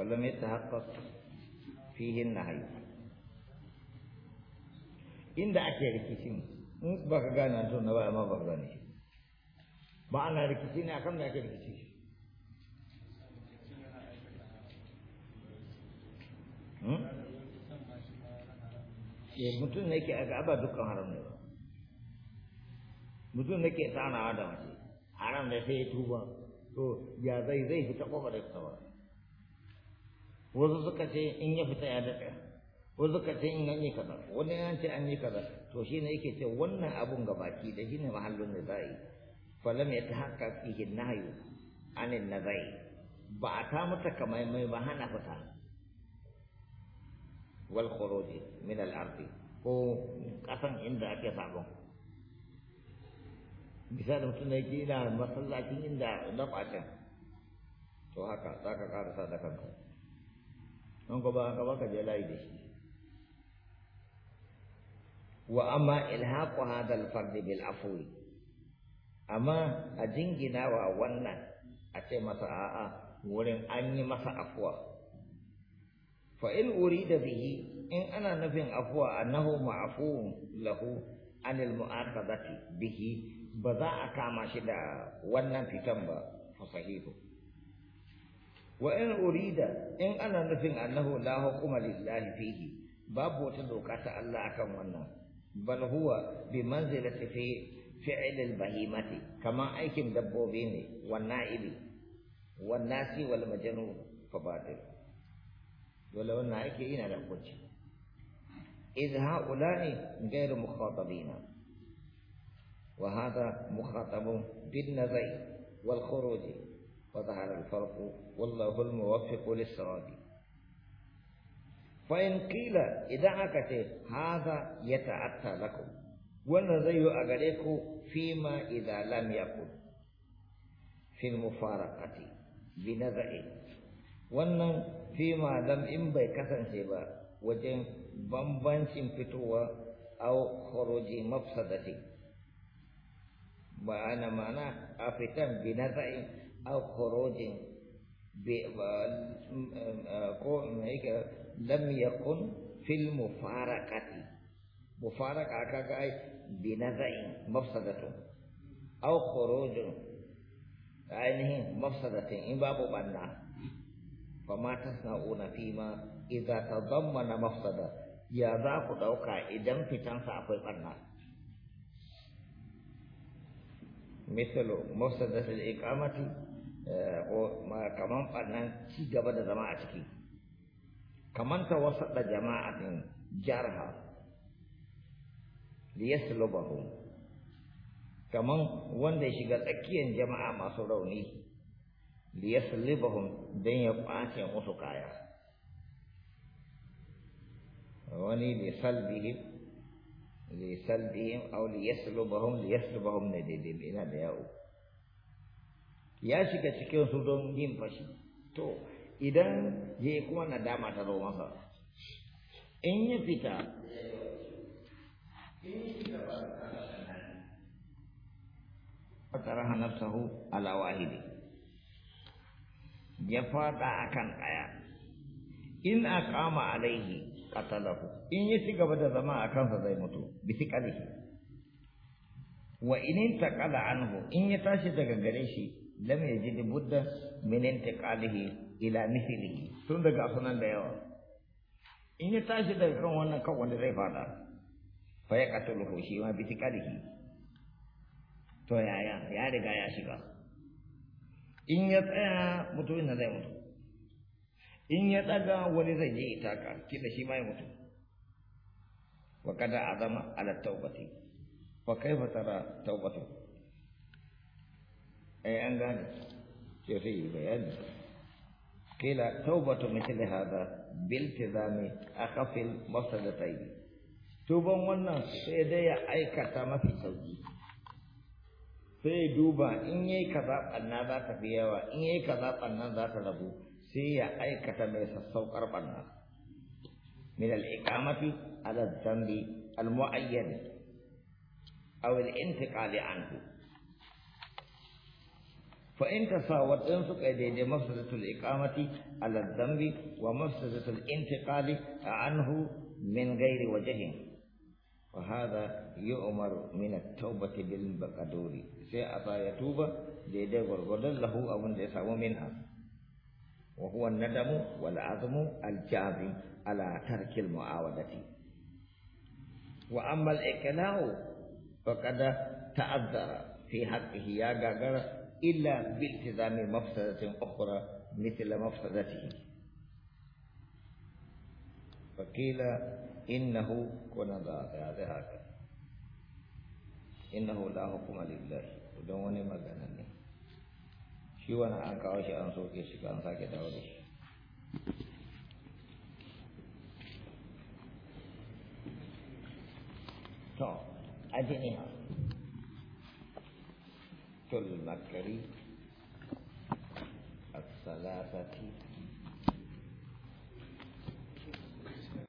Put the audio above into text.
ولم يتحقق فيه النهي إن ده أكي ركيسين بقى قانا أنتم نبقى ما بقراني معنى ركيسين أكم ده أكي ركيسين mutum ne ke aka aba dukkan haram ne ba mutum ne ke tsanawa da mace haram da sai ya tuba to ya zai zai fita da ta ba wasu suka ce in ya fita ya daɗe, wasu suka ce in an yi kaza wani an ce an yi kaza to shi ne yake ce wannan abun ga baki da shi ne mahallin da za'i falam ya ta haka fihi nahyu anin nazai ba a ta mata kamar mai ba hana fita wal khuruji min al ardi ko kasan inda ake sabon misali mutum da yake ina masallacin inda na kwacin to haka za ka karasa da kanka don ko ba haka ba ka je layi da shi wa amma ilhaqu hadha fard bil afwi amma a jinginawa wannan a ce masa a'a wurin an yi masa afwa fa in urida bihi in ana nufin afwa annahu ma'fuun lahu anil mu'aqabati bihi ba za a kama shi da wannan fitan ba fa sahihu وإن أريد إن أنا نفهم أنه لا حكم لله فيه باب وتدوكة الله كم ونا بل هو بمنزلة في فعل البهيمة كما أيكم دبوبين والنائب والناس والمجنون فباطل ولو النائب إنا لقلت إذ هؤلاء غير مخاطبين وهذا مخاطب بالنظر والخروج وظهر الفرق والله الموفق للصواب فإن قيل إذا عكت هذا يتأتى لكم ونزي أغريكو فيما إذا لم يكن في المفارقة بنزع وأن فيما لم ينبي كثن سيبا وجن بمبان سنفتوا أو خروج مفسدة وأنا معناه أفتن بنزع au khurujin bi ko mai ka lam yakun fil mufarakati mufaraka kaga ai bi nazain mafsadatu au khurujin ainihin mafsadatin in babu banna fama tasna'una fima idza tadammana mafsada ya za ku ɗauka idan fitansa akwai ɓanna? misalo mafsadatul iqamati ko kaman bannan ci gaba da zama a ciki kaman tawassada jama'atin jarha liyaslubahum kaman wanda ya shiga tsakiyar jama'a masu rauni liyaslubahum dan ya kwace musu kaya wani bi salbihim liyaslubahum أو ليسلبهم ليسلبهم ina da yau ya shiga cikin su don yin fashi to idan ya yi kuma nadama ta zo masa in ya fita fataraha hannar ala wahidi ya fada akan ɗaya. in kama alaihi qatalahu in ya ci gaba da zama a kansa zai mutu bisi thiqalihi wa in intaqala anhu in ya tashi daga gare shi lam yajid budda min intiqalihi ila mithlihi tun daga sunan da yawa in ya tashi daga kan wannan kan wanda zai fada fa ya qataluhu shi ma bisi thiqalihi to yaya ya riga ya shiga in ya tsaya mutumin ina zai mutu in ya daga wani zai yi itaka kida shi mai ya mutu wa kada azama ala tawbati fa kaifa tara tawbatu ai eh, an gane ce sai bayani kila tawbatu mithli hada bil tizami akhafil mafsadatayn tuban wannan sai dai ya aikata mafi sauki sai duba in yayi kaza banna za ta fi yawa in yayi kaza banna za ta rabu سيا أي كتم يسوق ربنا من الإقامة على الذنب المعين أو الانتقال عنه فإن تساوت انفق يدي مفسدة الإقامة على الذنب ومفسدة الانتقال عنه من غير وجه وهذا يؤمر من التوبة بالبقدوري سيأتى يتوب يدي غرغر له أو من منها وهو الندم والعظم الجازم على ترك المعاودة وأما الإقلاع فقد تأذر في حقه يا جاجر إلا بالتزام مفسدة أخرى مثل مفسدته فقيل إنه كنا هذا إنه لا حكم لله ودوني مغنى shi wani an kawo shi an soke shi an sake dawo da shi to ajiniha كل مكري الثلاثة